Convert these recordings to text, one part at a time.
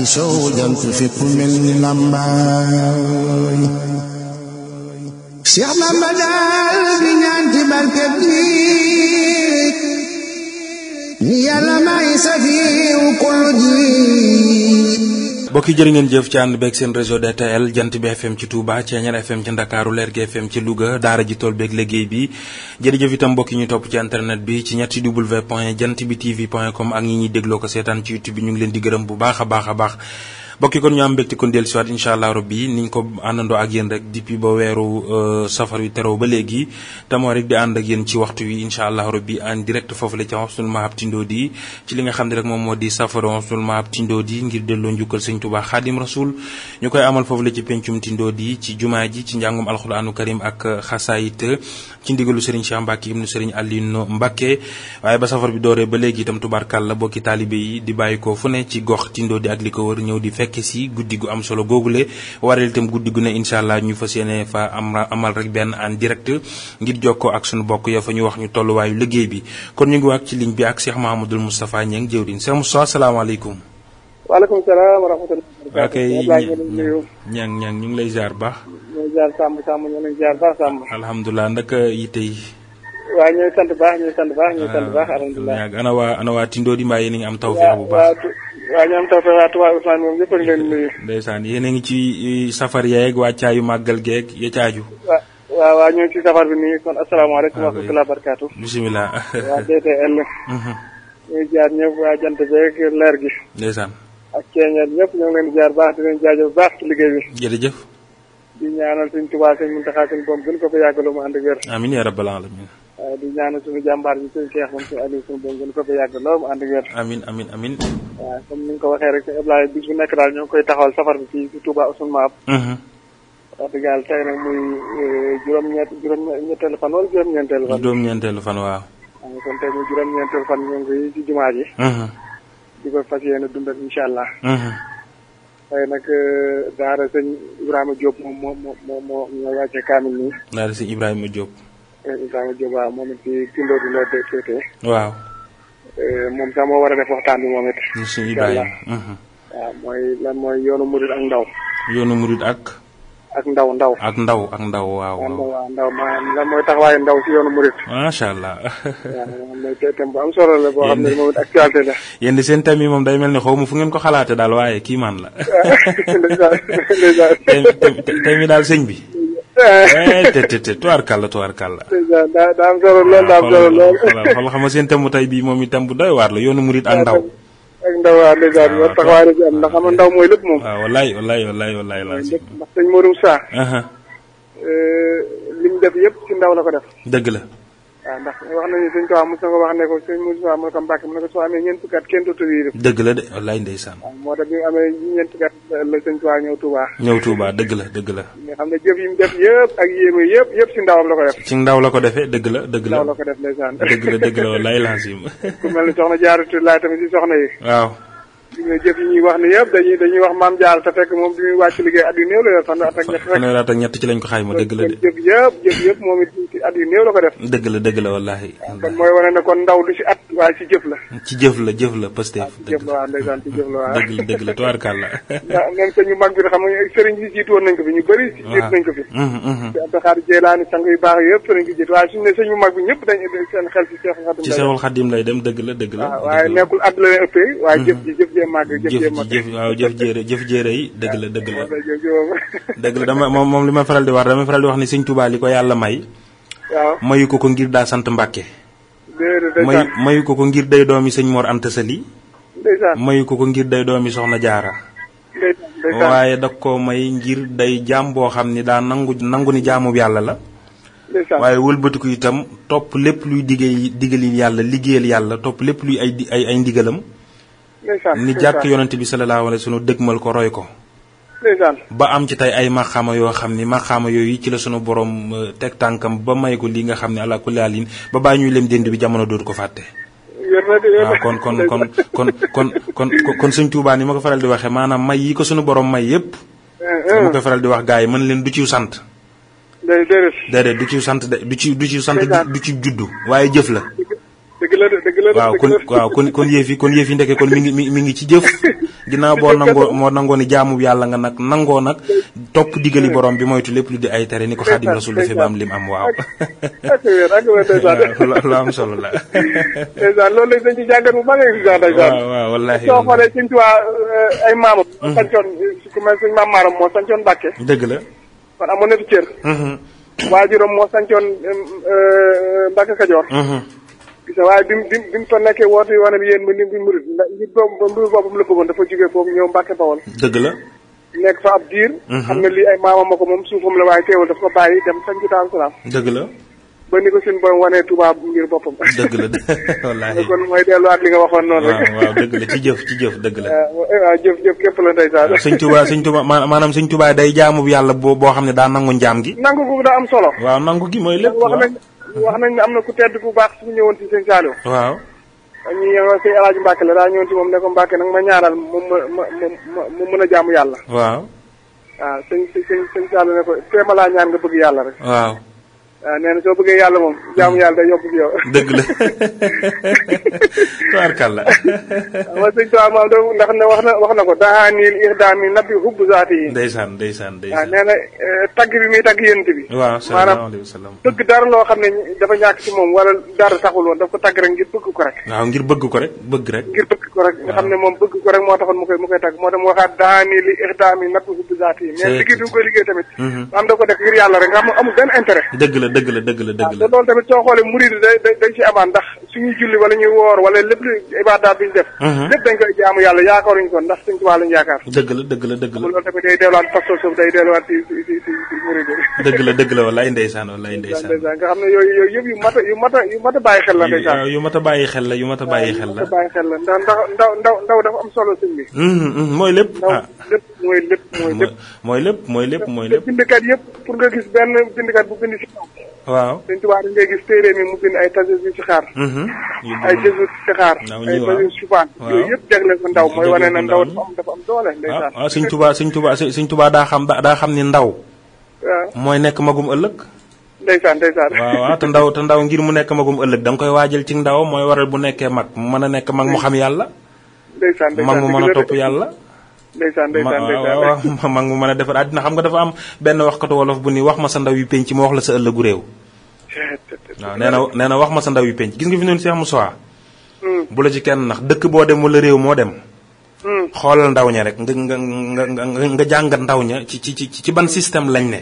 to show them to people in Lambai. Cheikh Bamba daal di ñaan ci barkeb nit ñi Yàlla may safiwu kullu ji mbokk yi jërë jëf ci ànd beeg seen réseau DTL jant bi FM ci Touba Ceeñar FM ci Ndakaaru leer gi FM ci Louga daara ji tool beeg liggéey bi jërëjëf itam mbokk ñu topp ci internet bi ci ñetti w point jant bi tv point com ak ñi ñuy dégloo ko seetaan ci YouTube bi ñu ngi leen di gërëm bu baax a baax a baax bokki kon ñu am mbégte kon dellu siwaat incha allah rabbi niñ ko àndandoo ak yéen rek depuis ba weeru euh, safar wi teroo ba léegi tamoo rek di ànd ak yéen ci waxtu wi incha allah rabbi en direct foofu la ci Husnul Mahab Tindodi ci li nga xam ne rek moom moo di safar Husnul Mahab Tindodi ngir delloo njukkal sëñ Tuubaa Xaadim Rasul ñu koy amal foofu la ci pencum Tindodi ci jumaa ji ci njàngum alxuraanu karim ak xasaayit ci ndigalu sëriñ Cheikh Mbacke ibnu sëriñ Alioune Mbacke waaye ba safar bi dooree ba léegi itam tubaarkàlla bokki taalibe yi di bàyyi ko fu ne ci gox Tindodi ak li ko wër ñëw di fekk Kesi gudi gu am solo gogule waral tam gudi gu ne inshallah allah ñu fas fa am amal rek ben en direct ngir joko ak sunu bokk ya fa ñu wax ñu wayu liggéey bi kon ñu ngi wax ci ligne bi ak cheikh mahamoudou mustapha ñeng jëwrin cheikh alaykum wa alaykum salaam wa wa barakatuh ñang ñang ñu ngi lay jaar bax jaar sam sam. ñu ngi jaar bax sam alhamdullah naka yite yi. waaw ñooy sant baax ñooy sant baax ñooy sant ah, ana ana di am taw bu waaw ñoom taw fa waa Touba Ousmane moom ñëpp a ngi leen nuyu. ndeysaan yéen a ngi ci e, safar yeeg wàccaayu màggal geeg ya caaju. waaw waaw waaw ñu ci safar bi nii kon asalaamaaleykum wa ah, rahmatulah barkaatu. bisimilah. waa DTN. Mhm. ñu ngi jaar ñëpp waa jant beeg leer gi. ndeysaan. ak ceeñeel ñëpp ñoo ngi leen jaar baax di leen jaajëf baax ci liggéey bi. jërëjëf. di ñaanal suñ Touba suñ Muntaxa suñ boom gën ko fa yàggalu mu ànd wér. amiin yaa rabbal alamin Eh, di ñaanu suñu jàmbaar yi suñu cheikh moom suñu aliou suñu bëngon ko fa yàgg lool mu ànd wér amin amin amin waaw comme ni nga ko waxee rek Ablaye bi bu nekk daal ñoo koy taxawal safar bi ci ci Touba Ousmane Maab mhm. wax dëgg yàlla tey nag muy eh, juróom ñett juróom ñetteelu fan wala juróom ñeenteelu fan juróom ñeenteelu fan waaw kon tey muy juróom ñeenteelu fan ñu ngi ci jumaa ji mhm. di ko fas yéene dund ak incha allah mhm. tey nag eh, daara sëñ Ibrahima Diop moom moo moo moo moo wàcce kaamil nii daara sëñ Ibrahima Diop Ibrahima Diop eh, moom sax moo war a def waxtaan bi moom uh-huh. lan mooy yoonu murid ak ndaw. yoonu murid ak. ak ndaw ak ndaw ak ndaw waaw. waaw ndaw maanaam mooy taxawaayu ndaw si yoonu murid. macha allah. waaw solo la boo xam ne moom it di seen thème moom day mel ni xaw ma fu ngeen ko xalaate daal waaye kiimaan la. thème daal sëñ bi. te tuwaar kàlla tuwaar kàlla. daa daa am solo lool daa seen thème tey bii moom itam bu doy waar la yoonu murit ak ndaw. ak ndaw waaw ndeysaan war taxawaay la ci am ndax xam ndaw mooy lépp moom. waaw wallaay wallaay wallaay wallaay laa si. ndax sëñ Modou Sarr. li def yëpp ci ndaw la ko def. dëgg la. waaw ndax wax nañu suñ na ko wax ne ko suñ Moussa mu ne ko Mbacke mu ne ko soo amee ñeent fukki at kenn dootu wii dëgg la de wallaay ndeysaan moo tax bi amee ñeent fukki at la suñ ñëw Touba ñëw Touba dëgg la dëgg la nga xam ne jëf yi mu def yëpp ak yéeme yëpp yëpp si ndawam la ko def si ndaw la ko defee dëgg la dëgg la ndaw la ko def ndeysaan mel ne soxna jaarutu laa tamit si soxna yi waaw jëf yi ñuy wax ne yëpp dañuy dañuy wax maam jaal te fekk moom bi muy wàcc liggéey at néew la fanweer ak ñett rek fanweer ak ñett ci lañ ko xayma dëgg la de jëf yëpp jëf yëpp moom it ci at néew la ko def dëgg la dëgg la wallahi kon mooy wane ne kon ndaw du ci at waaye ci jëf la ci jëf la jëf la pastef jëf la ndeysaan ci jëf la waaw dëgg la dëgg la tuwaar kàlla même sañu mag bi xam nga sëriñ bi jiitu woon nañ ko fi ñu bëri jiit nañ ko fi mhm, mhm. ci xaar jeelaani sang yu baax yëpp sëriñ bi jiitu waaye suñu ne mag bi ñëpp dañ seen xel ci xadim ci xadim lay dem dëgg la dëgg la waaye nekkul at la leen ëppee waaye mhm. jëf ji jëf màgg jëf jëf waaw jëf jéere jëf jéere yi dëgg la dëgg la dëgg la dama moom moom li ma faral di wax dama faral di wax ni sëñ li ko yàlla may waaw mayu ko ko ngir daa sant Mbàkke mayu mayu ko ko ngir day doomi sëñ Mor Anta Sali mayu ko ko ngir day doomi Soxna Jaara waaye da ko may ngir day jaam boo xam ni daa nangu nangu ni jaamub yàlla la waaye wëlbatiku itam topp lépp luy diggéey digali yàlla liggéeyal yàlla topp lépp luy ay ay ay ndigalam ni jàkk yonent bi sallallahu alayhi wa sallam dëgmal ko roy ko ba am ci tey ay maxaama yoo xam ni maxaama yooyu ci la sunu borom euh, teg tànkam ba may ko li nga xam ne ala kulli alin ba bàyyi ñuy leen dënd bi jamono dootu ko fàtte waaw kon kon kon kon kon kon kon sëñ Tuubaa ni ma ko faral di waxee maanaam may yi ko sunu borom may yépp eh, eh. ma ko faral di wax gaa yi mën leen du ciw sant déedéet du ciw sant du ci du ciw sant du ci juddu waaye jëf la dëgg la dëgg la waaw kon waaw kon kon yëf yi kon yëf yi ndeke kon mi ngi mi ngi ci jëf ginnaaw boo nangoo moo nangoo ni jaamu yàlla nga nag nangoo nag topp digali borom bi moytu lépp lu di ay tere ni ko xaadim rasul dafee ba am lim am waaw lu am solo la ndeysaan loolu lañ dañ ci jàngat bu mag ndeysaan waaw waaw wallaahi soo xoolee suñ tuwaa eh, ay maamam mm-hmm. sancoon ku mel suñ maam maaram moo sancoon Mbàkke dëgg la kon amoon na fi cër mm-hmm. waajuram moo sancoon eh, eh, Mbàkke Kajoor mm-hmm. gis na waaye bi mu bi mu fa nekkee woote yoon bi yéen mu ni murid ndax li boobu murid boppam la bëggoon dafa nekk fa ab diir xam ne lii ay maamam ma ko moom suufam la waaye teewul dafa ko bàyyi dem sañ ci Daaru dëgg la ba ni ko suñu borom wanee Touba ngir boppam. dëgg la wallaahi kon mooy delluwaat li nga waxoon noonu rek. dëgg la ci jëf ci jëf dëgg la. waaw jëf jëf képp la ndeysaan. sëñ Touba sëñ suñ maanaam sëñ Touba day jaamu yàlla boo boo xam ne daa nangu njaam gi. nangu gu daa am solo. waaw nangu gi mooy lépp wax wax nañ ne am na ku tedd bu baax suñu ñëwoon ci sëñ Saliou. waaw. ñu yow sëñ El Hadj Mbacke la daa ñëwoon moom ne ko Mbacke nag ma ñaanal moom ma ma ma mu mën a jaamu yàlla. waaw. waaw sëñ sëñ sëñ Saliou ne ko téema laa ñaan nga bëgg yàlla rek. waaw. waaw ah, nee na soo bëggee yàlla moom jaamu yàlla day yomb ci yow. dëgg la. tubaarkàlla. waaw sëñ Tuubaa moom doo ndax ne wax na wax na ko daa niil ixdaam yi nappi hubb zaati yi. ndeysaan ndeysaan ah, ndeysaan. waaw nee na eh, tagg bi muy tagg yént bi. waaw sallallahu alayhi wa sallam maanaam dëgg dara loo xam ne dafa ñàkk ci moom wala dara taxul woon daf ko tagg rek ngir bëgg ko rek. ngir bëgg ko rek bëgg rek. ngir bëgg ko nga xam ne moom bëgg ko rek moo taxoon mu koy mu koy tagg moo tax mu waxaat daa niil ixdaam yi nappi hubb zaati yi. mais liggéey du ko liggéey tamit. maanaam mm-hmm. da ko def ngir yàlla rek nga xam amul benn intérêt. dëgg la dëgg la dëgg la. te loolu tamit soo xoolee murid day day dañ si suñuy julli wala ñuy woor wala lépp lu ibaadaat bi ñu def. Mhm. lépp dañ koy jaamu yàlla yaakaaruñ ko ndax suñ tubaab lañ yaakaar. dëgg la dëgg la dëgg la loolu tamit day delluwaat pastor suuf day delluwaat ci ci ci ci murid dëgg la dëgg la wallaay ndeysaan wallaay ndeysaan nga xam ne yooyu yooyu yu mat a yu mat a yu bàyyi xel la yu mat a bàyyi xel la yu mat a bàyyi xel la ndax ndax ndaw ndaw dafa am solo sëñ bi mhm, mhm, mooy lépp ah. lépp mooy lépp mooy lépp mooy lépp mooy lépp mooy lépp bindikat yëpp pour nga gis benn bindikat bu bind si waaw sëñ tubaab ngay gis téere mi Mm-hmm. ay désu sixaar ay ndaw mooy wane na ndaw dafa tubaa suñ tubaa sëñ tubaa daa xam daa xam ni ndaw mooy nekk magum ëllëg ndeysaan ndeysaan waaw te ndaw te ndaw ngir mu nekk magum ëllëg danga koy waajal ci ndaw mooy waral bu nekkee mag mu mën a nekk mag mu xam yàlla ndeysaan mag mu mën a topp yàlla ndeysaan ndeysaan ndeysaan mag mu mën a defar àddina xam nga dafa am benn waxkatu wolof bu ni wax ma sa ndaw yu penc mu wax la sa ëllëgu réew waaw nee na nee na wax ma sa ndaw yu penc gis nga fi noonu Cheikh Moussa. Hmm. bu la ci kenn nax dëkk boo dem wala réew moo dem. Hmm. xoolal ndaw ña rek nga nga nga nga jàngat ndaw ña ci ci ci ban système lañ ne.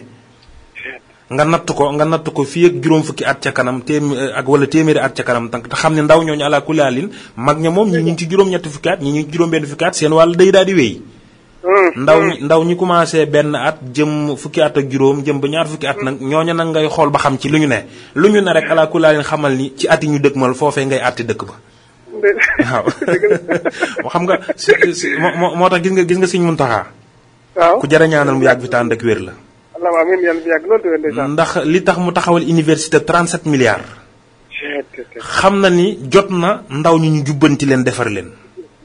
nga natt ko nga natt ko fii ak juróom fukki at ca kanam téem ak wala téeméeri at ca kanam te xam ne ndaw ñooñu ala kulaalin mag ña moom ñi ñu ngi ci juróom-ñetti fukki at ñi ñu ngi ci juróom-benn fukki at seen wàll day daal di wéy. Hmm, ndaw hmm. ñi ndaw ñi commencé benn at jëm fukki at ak juróom jëm ba ñaar fukki at nag ñooña nag ngay xool ba xam ci lu ñu ne lu ñu ne rek ala kulaa leen xamal ni ci at yi ñu dëkkmal foofee ngay atti dëkk ba waaw xam nga moo tax gis nga gis nga siñ mun ku jara ñaanal mu yàgg fi wér la ndax li tax mu taxawal université 37 milliards xam na ni jot na ndaw ñi ñu jubbanti leen defar leen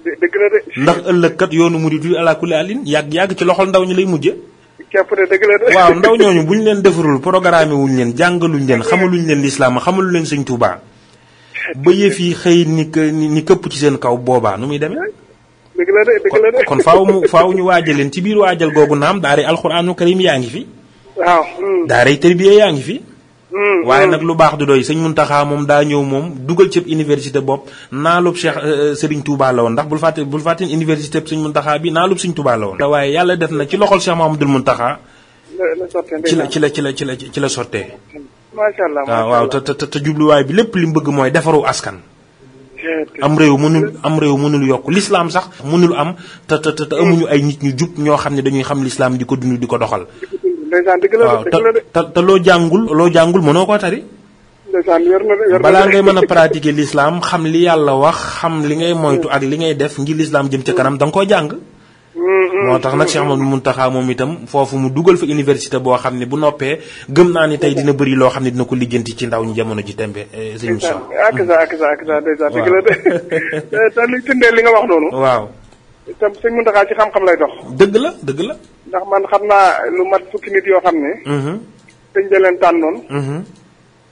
dëgg la ndax ëllëg kat yoonu mu wi ala kulli alin yàgg yàgg ci loxol ndaw ñi lay mujje képp de waaw ndaw ñooñu bu ñu leen defarul programme wuñ leen jàngaluñ leen xamaluñ leen lislaam a xamalu leen sëñ Tuubaa ba yëf yi xëy ni ni këpp ci seen kaw boobaa nu muy demee. dëgg la de dëgg la de. kon faaw mu ñu waajal leen ci biir waajal googu naam daaray alxuraanu karim yaa ngi fi. waaw. Hmm. daaray yaa ngi fi. Mm, waaye mm. nag lu baax du doy mun Muntaxa moom daa ñëw moom dugal cëb université bopp naalub Cheikh euh, euh, Serigne Touba la woon ndax bul fàtte bul fàtte université mun Muntaxa bi naalub sëñ Touba la woon. waaye yàlla def na ci loxol Cheikh Mahamadul Muntaxa. ci la ci la ci la ci la ci la sottee. macha waaw te te te jubluwaay bi lépp li mu bëgg mooy defaru askan. am réew mënul am réew mënul yokk lislaam sax mënul am te te amuñu ay nit ñu jub ñoo xam ne dañuy xam lislaam di ko dund di ko doxal ndeysaan dëgg la dëgg la te te loo jàngul loo jàngul mënoo koo tari ndeysaan yor na yor balaa ngay mën a pratiquer l'islam xam li yàlla wax xam li ngay moytu ak li ngay def ngir l'islam jëm ca kanam da nga koo jàng mm-hmm. moo tax nag Cheikh Amadou Muntaxa moom itam foofu mu dugal fa université boo xam ne bu noppee gëm naa ni tey dina bëri loo xam ne dina ko lijjanti ci ndaw ñu jamono ji tembe eh, sëñ ak sa ak sa ak sa dëgg la eh, li li nga wax noonu waaw sëñ Muntaxa ci xam-xam lay dox dëgg la dëgg la ndax man xam naa lu mat fukki nit yoo xam ne. sëñ mhm. bi leen tànnoon. Mhm.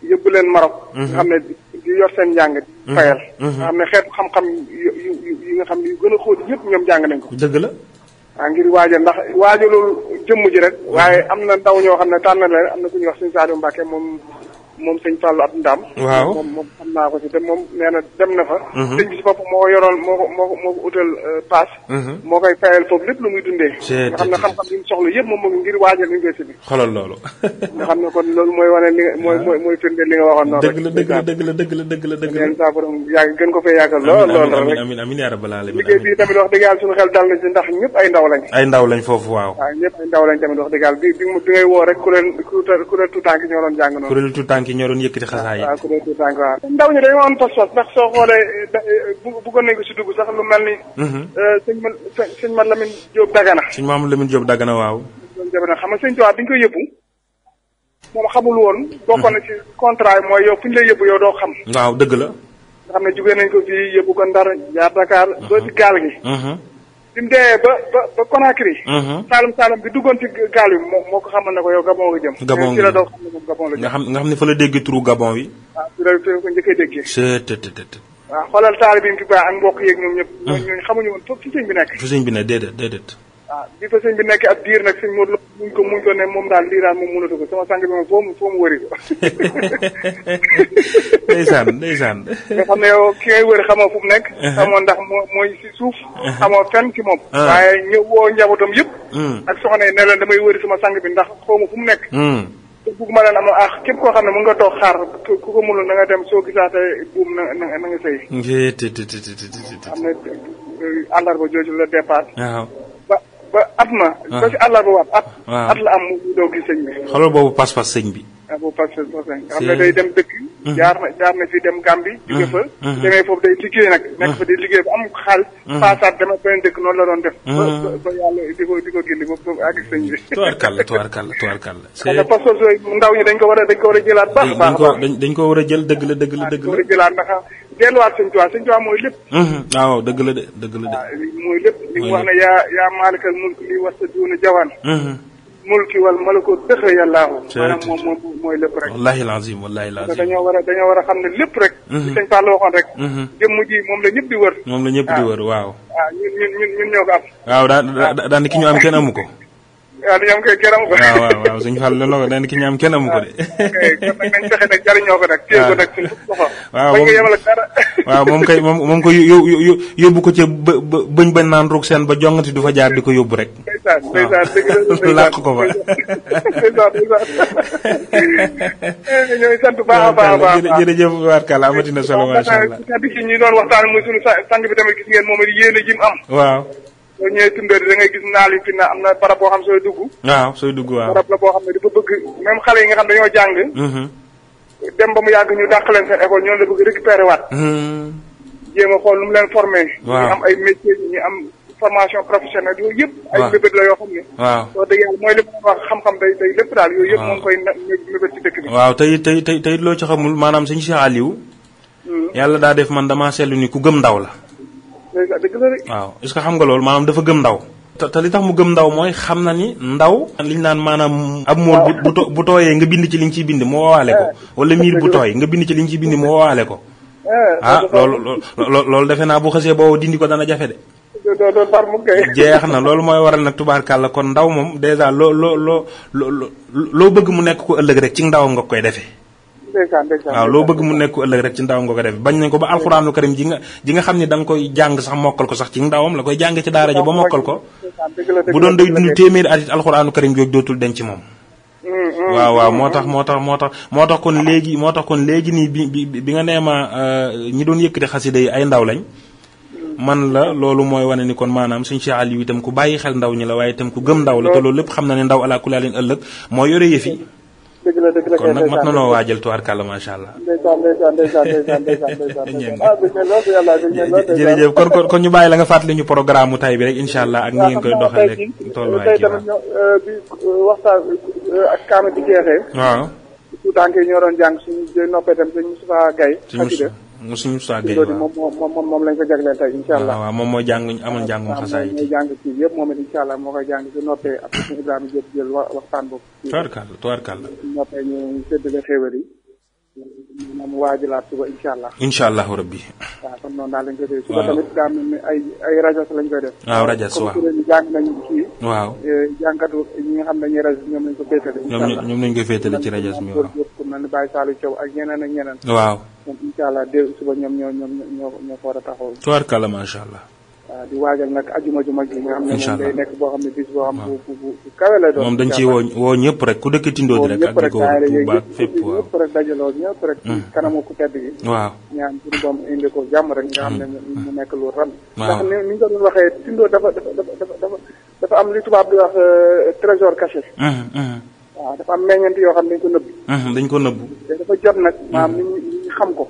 yóbbu leen Maroc. Mhm. nga xam ne di yor seen njàng. fayal. nga xam ne xet xam-xam yi nga xam ne yu gën a xóot yëpp ñoom jàng nañ ko. dëgg la. waa ngir waajal ndax waajalul jëmm ji rek. waaye am na ndaw ñoo xam ne tànn leen am na ku ñuy wax sëñ Saliou Mbacke moom. moom sëñ Fallou ab Ndam. waaw moom moom xam naa ko ci te moom nee na dem na fa. Mhm. sëñ bi si bopp moo ko yoroon moo ko moo ko moo ko utal euh, paas. Mhm. moo koy fayal foofu lépp lu muy dundee. nga xam ne xam-xam yi soxla yëpp moom moo ngir waajal li nga bi. xoolal loolu. nga xam ne kon loolu mooy wane li ah. li nga waxoon noonu. dëgg la ko fee yàggal lool lool rek. liggéey bi tamit wax dëgg yàlla suñu xel dal na si ndax ñëpp ay ndaw lañ. ay ndaw lañ foofu waaw. waaw ñëpp ay ndaw lañ tamit wax dëgg yi ñoo doon yëkkati xasaay yi. waaw kuréel gu tànk waaw. ndaw ñi dañoo am pas-pas ndax soo xoolee eh, bëggoon nañ ko si dugg sax lu mel ni. Mhm. Eh, sëñ ma sëñ ma Lamine Diop Dagana. sëñ Maam Lamine Diop Dagana waaw. xam nga sëñ Tuubaa bi ñu koy yóbbu moom xamul woon. bokkoon na mhm. ci contrat yi mooy yow fu ñu lay yóbbu yow doo xam. waaw dëgg la. nga xam ne jugee nañ ko fii yóbbu ko Ndar jaar Dakar. doo ci mhm. gaal gi. bi mu dee ba ba ba Conakry. Mhm. Saalum Saalum bi duggoon ci gaal yi moo moo ko xamal ne ko yow Gabon nga jëm. Gabon nga jëm nga xam nga xam ne fa la dégg turu Gabon wi. waaw ci la ko njëkkee déggee. c'est waaw xoolal taalibe bi mu fi ak mbokk yeeg ñoom ñëpp. Mhm. ñooñu xamuñu woon foofu ci sëñ bi nekk. ci sëñ bi nekk déedéet déedéet. waaw ah, di fa sëñ bi nekk ab diir nag sëñ Modou muñ ko muñ ko ne moom daal lii daal moom mënatu ko sama sang bi moom foo mu foo mu wëri ko. ndeysaan ndeysaan. nga xam ne yow ki ngay wër xamoo fu mu nekk. Uh-huh. xamoo ndax moo mooy si suuf. Uh-huh. xamoo fenn ki moom. Uh-huh. waaye ñëw woo njabootam yëpp. Mm. ak soxna yi ne leen damay wëri sama sang bi ndax xaw ma fu mu nekk. Mm. te bugg ma leen am ah képp koo xam ne mën nga toog xaar ku ko mënul na dem soo gisaatee buum na na nga sëy. nga tëj tëj tëj tëj am na eh, àllarba jooju ba at na. ba ah. ci àll waat at. Ah. at la am mu doog gis sëñ bi. xoolal boobu pas-pas sëñ bi. ah boobu pas-pas sëñ bi xam ne day dem dëkk. Ah. na jaar na fi dem Gambie. jóge nag. nekk fa di la doon def. ba ba ko di ko génne ba ba àgg sëñ bi. tubaarkàlla tubaarkàlla tubaarkàlla. xam nga pas-pas yooyu ndaw ñi dañ ko war a dañ ko war a jëlaat baax. baax dañ ko war a jël dëgg la dëgg la dëgg la. delluwaat sëñ Tuubaa sëñ Tuubaa mooy lépp. Mhm. waaw dëgg la de dëgg la de. mooy lépp li mu wax ne yaa yaa maalikal mulki li wasta duuna jawan. Mhm. mulki wal malako dëx yàllaahu. mooy lépp rek. wallaahi lazim wallaahi lazim. dañoo war a dañoo war a xam ne lépp rek. Mhm. li sëñ Fall waxoon rek. jëmm ji moom la ñëpp di wër. moom la ñëpp di ah. wër waaw. waaw ah, ñun ñun ñun ñoo ko am. waaw daan daan ki ñu am kenn amu ko. waaw li ko. waaw ah, waaw waaw suñu xàll looloo ko dañ ki ñu am kenn ko de. Ah, ko nag. Ah. waaw waaw moom kay moom ko yóbbu ko ca ba ba bañ ba naan ruug seen ba jongati du fa jaar di ko yóbbu rek. ndeysaan ndeysaan ko fa. ndeysaan ndeysaan. Eh, ñooy sant baax a baax a solo macha allah. waaw muy suñu sang bi tamit gis ngeen moom it yéene ji mu am. waaw. soo ñëwee Tundóori da ngay gis naal yi fi na am na barab boo xam sooy dugg. waaw sooy dugg waaw barab la boo xam ne dafa bëgg même xale yi nga xam dañoo jàng. Mm-hmm. dem ba mu yàgg ñu dàq leen seen école ñoo la bëgg récupérer waat. Mm-hmm. jéem a xool nu mu leen formé. waaw am ay métiers ñu am formation professionnelle yooyu yëpp. ay mébét la yoo xam ne. waaw soo dee yàlla mooy lépp wax xam-xam day day daal waaw moom koy mébét ci dëkk bi. waaw tey tey loo ci xamul maanaam sëñ Cheikh Aliou. Hmm. yàlla daa def man damaa seetlu ni ku gëm ndaw la waaw est-ce xam nga loolu maanaam dafa gëm ndaw. te li tax mu gëm ndaw mooy xam na ni ndaw. li ñu naan maanaam. ab mool bu tooyee nga bind ci li ñu ciy bind moo waale ko. Eh. wala miir bu tooy nga bind ci li ñu ciy bind moo waale ko. Eh, ah loolu loolu loolu defe naa bu xasee boobu dindi ko dana jafe de. jeex na loolu mooy waral nag tubaarkàlla kon ndaw moom dèjà loo loo loo loo bëgg mu nekk ko ëllëg rek ci ndaw nga koy defee. waaw loo bëgg mu nekk ëllëg rek ci ndaw nga ko def bañ nañ ko ba alxuraanul karim ji nga ji nga xam ne danga koy jàng sax mokkal ko sax ci ndawam la koy jàng ci daara ji ba mokkal ko bu doon day dund téeméeri at it alxuraanul karim jooju dootul denc ci moom mm, mm, waaw waaw mm, moo tax moo tax moo tax moo tax kon léegi moo tax kon léegi nii bi bi nga nee ma euh, ñi doon yëkkati xasida yi ay ndaw lañ man la loolu mooy wane ni kon maanaam suñu Cheikh Aliou itam ku bàyyi xel ndaw ñi la waaye itam ku gëm ndaw la te xam na ne ndaw ëllëg moo yore yëfi dëgg la dëgg kon nag mat na noo waajal tubaarkàlla macha allah. ndeysaan ndeysaan ndeysaan kon kon ñu bàyyi la nga fàttali ñu programme mu tay bi rek incha allah ak ni ngeen koy ah, doxalee rek tolluwaay kii waaw euh, bi euh, waxtaan euh, ak kaama jeexee. waaw. tout tànk yi ñoo doon jàng suñu noppee tam suñu Moustapha Gaye. mu suñu Moussa Gueye waaw moom moom lañ ko allah waaw moom mooy jàng amal njàngum xasaay yi jàng ci allah koy jàng ci noppee ak suñu Ibrahima Diop jël waxtaan boobu tuwarkal tuwarkal noppee ñu séddale xéewal yi allah incha allah rabbi kon noonu daal lañ koy def suba tamit daa ni ay ay rajas lañ koy def waaw rajas waaw comme nañ kii waaw jàngkatu ñi nga xam dañuy rajas lañ ko lañ ko ci rajas mi waaw mel ni Baye Saliou Thiaw ak ñeneen ak ñeneen. waaw ñoom incha allah dégg suba ñoom ñoo ñoom ñoo ñoo a war a taxaw. tubaarkàlla macha allah. waaw di waajal nag ajuma ju mag ji nga xam ne ñëpp rek ku dëkk Tindodi rek ak ñi ko ñëpp rek dajaloo ñëpp rek ci mm. kanamu ku tedd gi waaw ñaan suñu doom indi ko jàmm rek nga xam ne mm. mu nekk lu ram ndax ni ni nga doon waxee Tindodi dafa dafa dafa dafa dafa am li tubaab di wax euh, trésor caché mm, waaw dafa am meññeent yoo xam ne dañ ko nëbbu. dañ ko nëbbu. dafa jot nag maam ni ñu xam ko.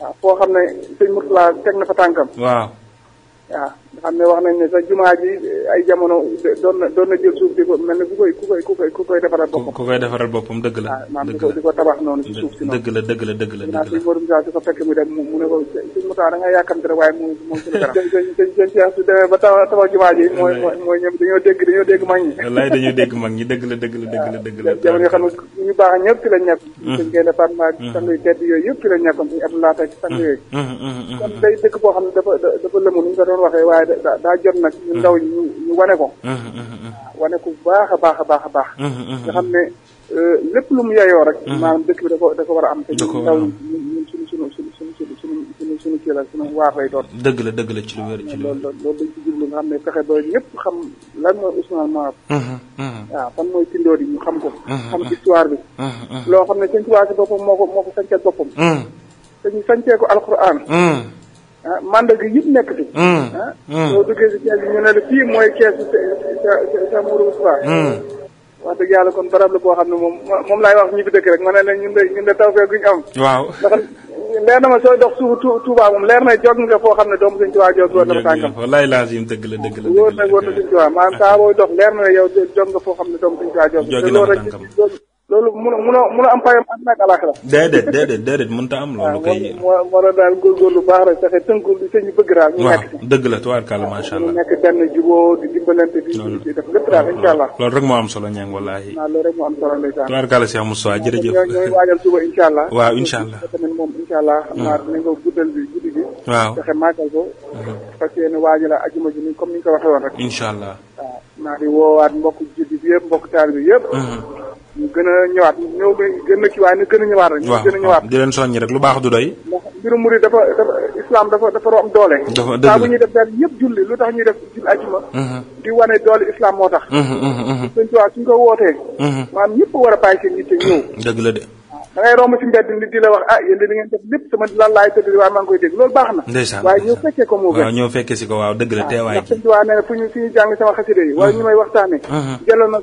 waaw foo xam ne sëñ Murtala teg na fa tànkam. waaw waaw nga xam ne wax nañ ne sax jumaa ji ay jamono doon na doon na jël suuf di ko mel ne ku koy ku koy ku koy ku koy defaral boppam ku koy defaral boppam dëgg la ah, dëgg la di ko tabax noonu ci suuf si noonu dëgg yàkkamte rek waaye moom moom suñu dañoo dégg mag ñi wallaay dañoo dëgg la dëgg la dëgg la dëgg la jamono xam ne ñu baax ñëpp ci la ñekk suñ koy département sanguy tedd yooyu yëpp ci la ñekkoon suñu Abdou Lahat ak sang yooyu mm-hmm. Mm-hmm. Mm-hmm. kon day dëkk boo xam ne dafa dafa lëmu ni ñu ko doon waxee waaye waaye da daa jot nag ñu mm. ndaw ñi ñu wane ko mm, mm, ah, wane ko baax a baax a baax a baax nga xam ne euh, lépp lu mu yeyoo rek maanaam dëkk bi da ko da ko war a am te ñu ndaw ñun suñu suñu suñu suñu suñu suñu suñu suñu kii la suñu waar lay doon dëgg la dëgg la ci lu wér ci lu wér loolu loolu dañ ci jublu nga xam ne fexe ba ñëpp xam lan mooy Ousmane Maab waaw fan mooy tindoo di ñu xam ko xam histoire bi loo xam ne sëñ Tuubaa si boppam moo ko sañcal boppam te ñu sañcee ko alquran ah mandarga yëpp nekk fi. Hmm. ah. Hmm. soo duggee si kees bi ñu ne la fii mooy kees bi sa sa Mourou Moussa. Hmm. wax dëgg yàlla kon barab la boo xam ne moom moom laay wax ñi dëkk rek ma ne leen ñun de ñun de tawfeex guñ am. waaw leer na ma sooy dox suuf Touba moom leer na jog nga foo xam ne doomu Sëñ Tuubaa jog wër na ko tànkam. wallaay laazim dëgg la dëgg la wóor na wóor na Sëñ Tuubaa maanaam saa dox leer na yow jog nga foo xam ne doomu Sëñ Tuubaa jog. jog na ko loolu mun a mun a mun a am payam ak nag alaxira déedéet déedéet déedéet mënut a am loolu kay waaw moo a daal góorgóorlu baax rek fexe tënku li sëñ bëgg daal ñu nekk si dëgg la tubaarkàlla macha allah ñu nekk benn jubóo di dimbalante di di def lépp daal incha allah loolu rek moo am solo ñang wallaahi waaw loolu rek moo am solo ndeysaan tubaarkàlla Cheikh Moussa jërëjëf ñooy waajal suba incha allah waaw incha allah tamit moom incha allah xam mm. naa dinañ ko guddal bi guddi gi waaw fexe màggal ko parce mm. que waajal ajuma ji ni comme ni ñu ko waxee woon rek incha allah waaw naa di woowaat mbokk juddi bi yëpp mbokk taal bi yëpp mm. ñu gën a ñëwaat ñëw ba gën na ci waaye ñu gën a ñëwaat rek. ñu gën a ñëwaat di leen soññi rek lu baax du doy. ndax mbirum murid dafa dafa islam dafa dafa am doole. dafa dëgg la saa bu ñuy def daal ñëpp julli lu tax ñu def julli ajuma. Mhm. di wane doole islam moo tax. Mhm, mhm, suñ ko wootee. maanaam ñëpp war a bàyyi seen yitte ñëw. dëgg la de. da ngay romb ci mbedd nit di la wax ah yéen di ngeen def lépp sama lan laay tëdd waaye maa koy dégg loolu baax na waaye ñoo la ah, teewaay gi waa nee na fu ñu fu ñu jàng sama xasida yi waaye ñu may waxtaane uh-huh. Uh-huh. jëloon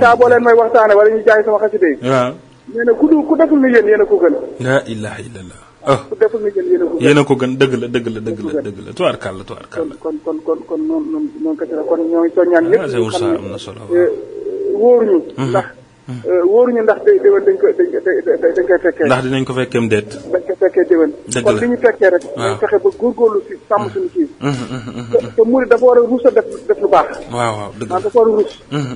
ah, leen may waxtaane wala ñu jàng sama xasida yi waaw nee ku du ku deful ni yéen yéen a gën la ilaha illallah yéen a ko gën dëgg la dëgg la dëgg la dëgg la tuwaarkaal la tuwaarkaal la kon kon kon kon noonu noonu kese la kon ñoo ngi soññaan ñëpp xam ne am na solo wóoruñu ndax wóoruñu ndax day déwén dañ ko dañ koy fekkee ndax dinañ ko fekkeem déet fekkee déwén kon li ñu fekkee rek ñu fexe ba góorgóorlu si sàmm suñu kii te murid dafa war a ruus a def def lu baax waaw waaw dëgg dafa war a ruus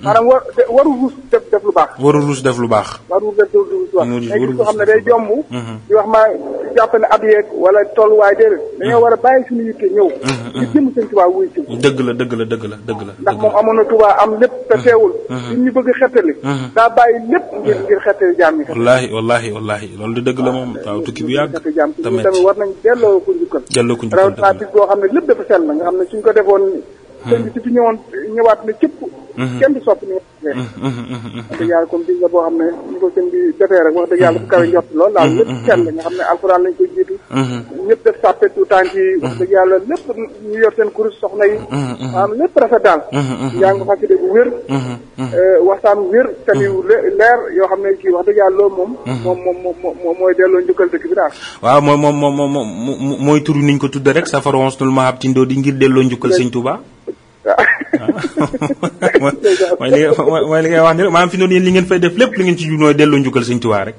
maanaam war waru ruus def def lu baax waru ruus def lu baax waru ruus def lu baax léegi soo xam ne day jomb di wax maa jàpp ne ab yeeg wala tolluwaay déedéet dañoo war a bàyyi suñu yitte ñëw ñu jëm seen Tuubaa wuy ci dëgg la dëgg la dëgg la dëgg ndax moom amoon na Tuubaa am lépp te teewul li ñu bëgg xettali daa bàyyi lépp ngir la nekkati jàmm. tamit war nañ delloo ko njukkal. delloo ko njukkal rawatina boo xam ne lépp dafa sell nga xam ne suñ ko defoon sëñ bi su ñëwaat na cëpp. Mhm. kenn du soppi ni mhm, mhm, wax dëgg yàlla la boo xam ne ko wax dëgg yàlla bu kawe njort lool daal lépp kenn la xam ne alxuraan lañ koy jiitu ñëpp def sàppe tout temps wax dëgg yàlla lépp ñu yor seen kurus soxna yi am lépp rafet daal njàng xasida bu wér eh, waxtaan wér taniw leer yoo xam ne kii wax dëgg yàlla loolu moom moom moom moom mooy delloo njukkal dëkk moom daal waaw mooy moom moom moom mooy turu niñ ko tudde rek safaroons nul mahab tindoo di ngir delloo njukkal sëñ Touba waaw mooy li nga mooy li ngay wax ni maanaam fi noonu yéen li ngeen fay def lépp li ngeen ci junooy delloo njukkal Sëñ Tuubaa rek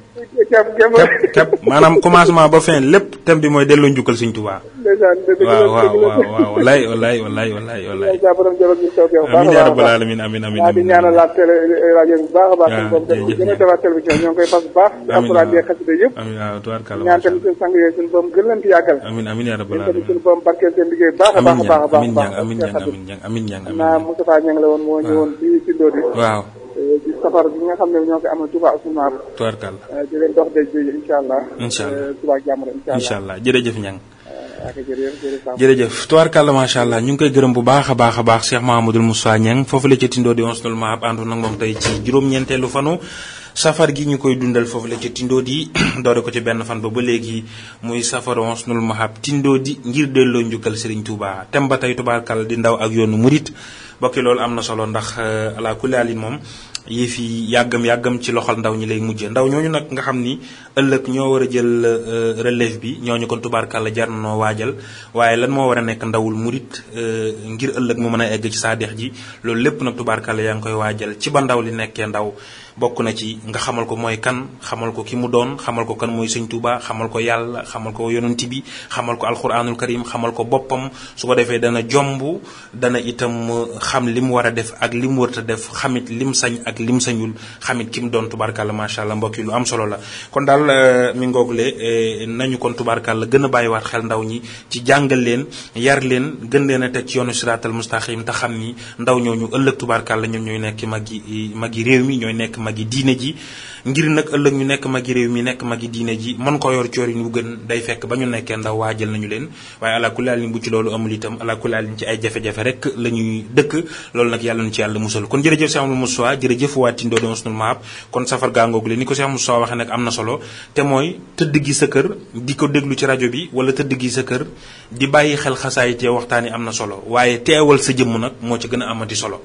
teb maanaam commencement ba fin lépp thème bi mooy delloo njukkal Sëñ Tuubaa. waaw waaw waaw wallaay wallaay wallaay wallaay wallaay. amiin yaa rabbal aalamiin amiin amiin amiin. di ñaanalaat télé rajo bi baax a baax. waaw jërëjëf gën a defaat koy fas baax. amiin waaw di xasida waaw tubaarkàlla ñaan tamit seen sang yooyu suñu borom gën leen di yàggal. amiin amiin yaa rabbal aalamiin suñu borom barkeel seen liggéey baax a baax a baax a baax. amiin amiin amiin amiin amiin amiin amiin amiin amiin amiin amiin amiin amiin ci safar bi nga xam ne ñoo ko amal Touba euh, allah. jërëjëf Niang. Euh, jërëjëf tubaarkàlla macha allah ñu ngi koy gërëm bu baax a baax a baax Cheikh Mahamadul Moussa Niang foofu la ci Tindo di ons nul mahab àndu nag moom ci juróom-ñeenteelu fanu safar gi ñu koy dundal foofu la ci Tindo di doore ko ci benn fan ba ba léegi muy safar ons nul mahab Tindo di ngir delloo njukkal Serigne Touba tem ba tey tubaarkàlla di ndaw ak yoonu murit bokki loolu am na solo ndax euh, ala moom yii fi yàggam yàggam ci loxol ndaw ñi lay mujjee ndaw ñooñu nag nga xam ni ëllëg ñoo war a jël euh, relève bi ñooñu kon tubaarkàlla jar na noo waajal waaye lan moo war a nekk ndawul murit euh, ngir ëllëg mu mën a egg ci saadeex ji loolu lépp nag tubaarkàlla yaa ngi koy waajal ci ba ndaw li nekkee ndaw bokk na ci nga xamal ko mooy kan xamal ko ki mu doon xamal ko kan mooy sëñ Tuuba xamal ko yàlla xamal ko yonent bi xamal ko alxuraanul karim xamal ko boppam su ko defee dana jomb dana itam xam li mu war a def ak li mu warta def xamit lim sañ ak lim sañul xamit ki mu doon la macha allah mbokk yi lu am solo la kon daal euh, mi ngoogle euh, nañu kon la gën a bàyyiwaat xel ndaw ñi ci jàngal leen yar leen gën leen a teg ci yoonu siraatal mustaqim te ndaw ñooñu ëllëg tubaarkàlla ñoom ñooy magi diine ji ngir nag ëllëg ñu nekk magi réew mi nekk magi diine ji mën ko yor coorin wu gën day fekk ba ñu nekkee ndaw waajal nañu leen waaye àlakulaalin bu ci loolu amul itam àlakulaalin ci ay jafe-jafe rek la ñuy dëkk loolu nag yàlla na ci yàlla musal kon jërëjëf Cheikh Amadou Moussa jërëjëf waa Tindo doon sunu maap kon safar gaangoog leen ni ko Cheikh Moussa waxee nag am na solo te mooy tëdd gi sa kër di ko déglu ci rajo bi wala tëdd gi sa kër di bàyyi xel xasaayit ya waxtaan yi am na solo waaye teewal sa jëmm nag moo ci gën a solo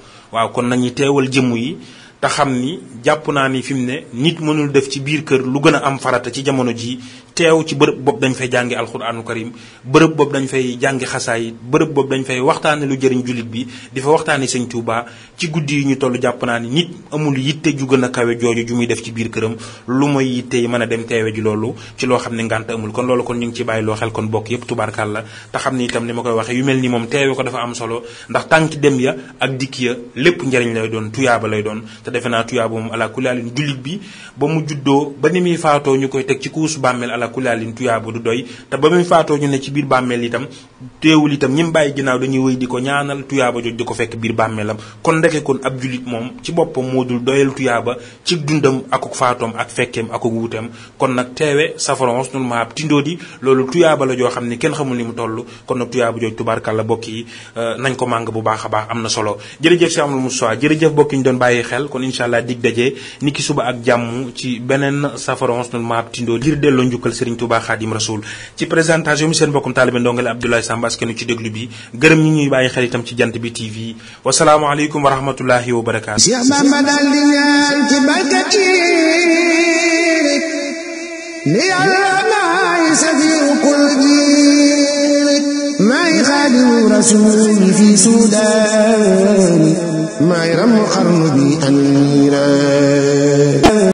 te xam ni jàpp naa ni fi mu ne nit mënul def ci biir kër lu gën a am farata ci jamono jii teew ci bërëb bopp dañ fay jàngi alxuraanu karim bërëb bopp dañ fay jàngi xasaayit bërëb bopp dañ fay waxtaane lu jëriñ jullit bi di fa waxtaane sëñ Tuuba ci guddi yu ñu toll jàpp naa ni nit amul yitte ju gën a kawe jooju ju muy def ci biir këram lu mooy yitte yi mën a dem teewe ji loolu ci loo xam ne ngànt amul kon loolu kon ñu ngi ci bàyyi loo xel kon bokk yépp tubaarkal la te xam ni itam li ma koy waxee yu mel ni moom teewe ko dafa am solo ndax tànki dem ya ak dikk ya lépp njëriñ lay doon tuyaaba lay doon defe naa tuyaaba moom ala kulaalin jullit bi ba mu juddoo ba ni muy faatoo ñu koy teg ci kuusu bàmmeel ala kulaalin tuyaaba du doy te ba muy faatoo ñu ne ci biir bàmmeel itam teewul itam ñi mu bàyyi ginnaaw dañuy wëy di ko ñaanal tuyaaba joj di ko fekk biir bàmmeelam kon ndeke kon ab jullit moom ci boppam moo dul doyal tuyaaba ci dundam akuk faatoom ak fekkeem akuk wuuteem kon nag teewe safarons nul maab tindoo di loolu tuyaaba la joo xam ne kenn xamul ni mu toll kon nag tuyaaba joj tubaarkàlla bokk yi euh, nañ ko màng bu baax a baax am na solo jërëjëf si amul Moussa jërëjëf bokk ñu doon bàyyi xel kon incha allah dig daje niki suba ak jàmm ci beneen safara ons nal maab tindoo ngir delloo njukkal Serigne Touba Khadim Rasoul ci présentation mi seen mbokkum taalibe ndongale Abdoulaye Samba askanu ci déglu bi gërëm ñi ñuy bàyyi xel itam ci jant bi TV wasalaamualeykum wa rahmatullahi wa barakaatu. Cheikh Bamba daal Xaadimu Rasuul fi Suudaani ما يرم قرن بي أميرا